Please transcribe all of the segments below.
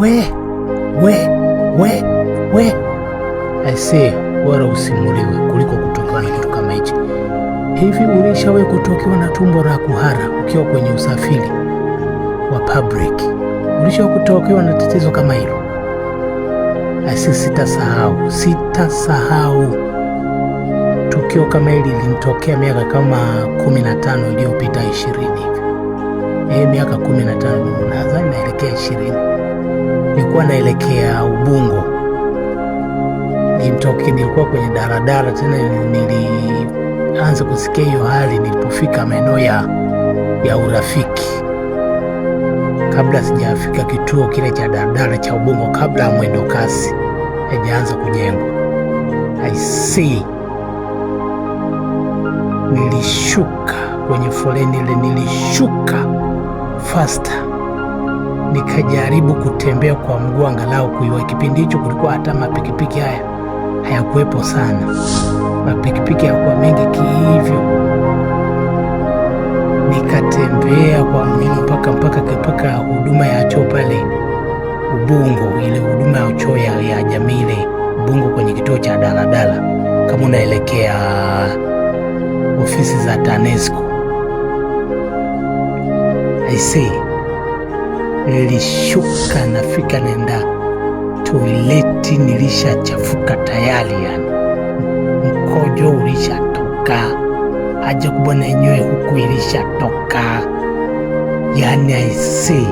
Wee, we we we aisee, wala usimuliwe kuliko kutokewa na kitu kama hichi. Hivi ulishawahi kutokewa na tumbo la kuhara ukiwa kwenye usafiri wa public? Ulishawahi kutokewa na tatizo kama hilo? sahau sitasahau sitasahau tukio kama hili linitokea miaka kama kumi na iliyopita, ishirini hivi, eh, miaka kumi nadhani naelekea ishirini nilikuwa naelekea Ubungo, nimtoke nilikuwa kwenye daradara tena, nilianza kusikia hiyo hali nilipofika maeneo ya, ya Urafiki, kabla sijafika kituo kile cha daradara cha Ubungo, kabla ya mwendo kasi haijaanza kujengwa. I see, nilishuka kwenye foleni ile, nilishuka faster nikajaribu kutembea kwa mguu angalau kuiwa. Kipindi hicho kulikuwa hata mapikipiki haya hayakuwepo sana, mapikipiki yakuwa mengi kihivyo, nikatembea kwa mlima mpaka mpaka mpaka huduma ya choo pale Ubungo, ile huduma ya choo ya, ya jamii ile Ubungo, kwenye kituo cha daladala kama unaelekea ofisi za TANESCO. I see nilishuka nafika nenda toileti, nilishachafuka tayari, yani mkojo ulishatoka, haja kubwa na yenyewe huku ilishatoka, yani aisee,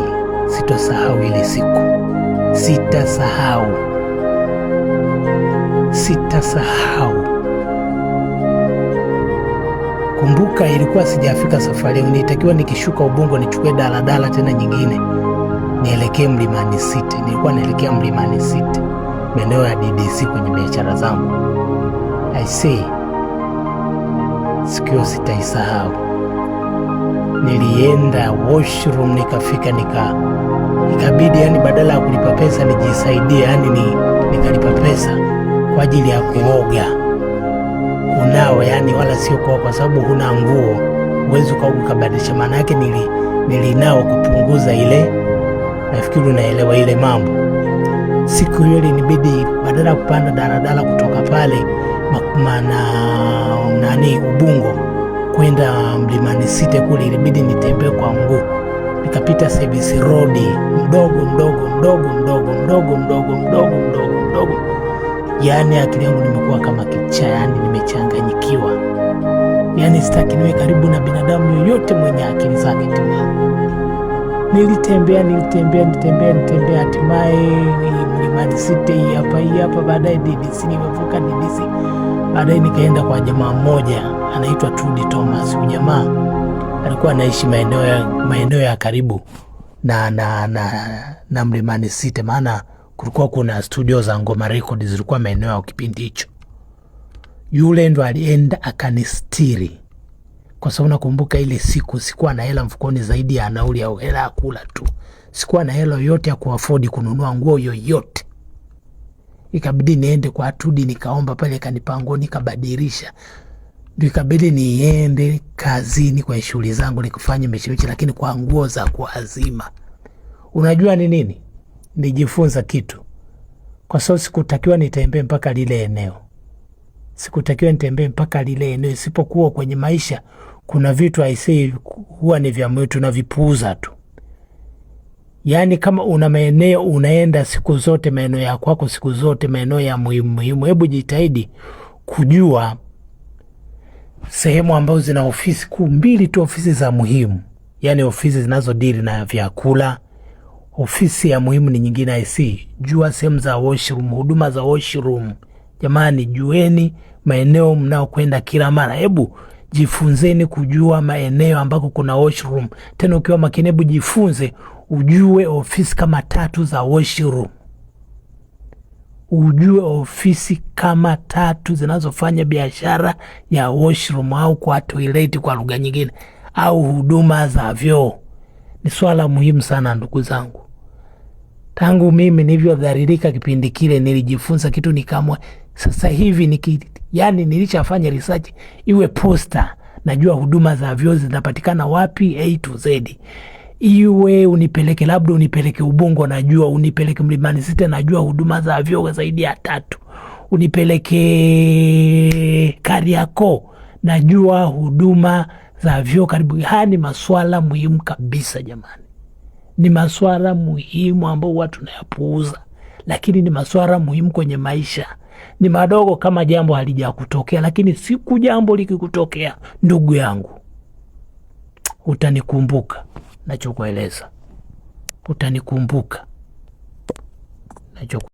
sitosahau ile siku, sitasahau, sitasahau. Kumbuka ilikuwa sijafika safari, nilitakiwa nikishuka Ubungo nichukue daladala tena nyingine nielekee Mlimani City. Nilikuwa naelekea Mlimani City, maeneo ya DDC kwenye biashara zangu. I see, sikio sitaisahau. Nilienda washroom nikafika, nika ikabidi yani, badala ya kulipa pesa nijisaidie, yani ni, nikalipa pesa kwa ajili ya kuoga unao yani wala sio kwa, kwa sababu huna nguo huwezi ukaoga ukabadilisha. Maana yake nili nilinao kupunguza ile nafikiri unaelewa ile mambo. Siku hiyo ilinibidi badala ya kupanda daladala kutoka pale mana nani Ubungo kwenda Mlimani site kule, ilibidi nitembee kwa mguu, nikapita service road mdogo mdogo mdogo mdogo mdogo mdogo mdogo mdogo mdogo, Yani akili yangu nimekuwa kama kicha yani nimechanganyikiwa, yani sitaki niwe karibu na binadamu yoyote mwenye akili zake timamu. Nilitembea, nilitembea, nilitembea, nilitembea, hatimaye Mlimani City hapa, hii hapa. Baadaye DDC, nimevuka DDC, baadaye nikaenda kwa jamaa mmoja anaitwa Trudy Thomas. Huyu jamaa alikuwa anaishi maeneo ya maeneo ya karibu na, na, na, na Mlimani City, maana kulikuwa kuna studio za Ngoma Records zilikuwa maeneo ya kipindi hicho. Yule ndo alienda akanistiri kwa sababu nakumbuka ile siku sikuwa na hela mfukoni zaidi ya nauli au hela ya kula tu, sikuwa na hela yoyote ya kuafodi kununua nguo yoyote. Ikabidi niende kwa Atudi nikaomba pale, kanipango nikabadilisha, ndio ikabidi niende kazini kwenye shughuli zangu nikufanye mechimechi, lakini kwa nguo za kuazima. Unajua ni nini? Nijifunza kitu, kwa sababu sikutakiwa nitembee mpaka lile eneo sikutakiwa nitembee mpaka lile eneo, isipokuwa kwenye maisha kuna vitu aisee huwa ni vya na vipuuza tu. Yaani, kama una maeneo unaenda siku zote, maeneo ya kwako siku zote, maeneo ya muhimu muhimu, hebu jitahidi kujua sehemu ambazo zina ofisi kuu mbili tu, ofisi za muhimu, yaani ofisi zinazodili na vyakula. Ofisi ya muhimu ni nyingine, aisee, jua sehemu za washroom, huduma za washroom Jamani, jueni maeneo mnaokwenda kila mara, hebu jifunzeni kujua maeneo ambako kuna washroom. Tena ukiwa makini, hebu jifunze ujue ofisi kama tatu za washroom, ujue ofisi kama tatu zinazofanya biashara ya washroom au kwa toilet kwa lugha nyingine, au huduma za vyoo. Ni swala muhimu sana ndugu zangu. Tangu mimi nilivyodharirika kipindi kile, nilijifunza kitu nikamwa sasa hivi niki, yani nilishafanya research iwe posta, najua huduma za vyoo zinapatikana wapi A to Z, iwe unipeleke labda unipeleke Ubungo, najua unipeleke Mlimani City, najua huduma za vyoo zaidi ya tatu, unipeleke Kariakoo, najua huduma za vyoo karibu. Haya ni maswala muhimu kabisa jamani, ni maswala muhimu ambao watu nayapuuza lakini ni maswara muhimu kwenye maisha. Ni madogo kama jambo halijakutokea, lakini siku jambo likikutokea, ndugu yangu, utanikumbuka nachokueleza, utanikumbuka nacho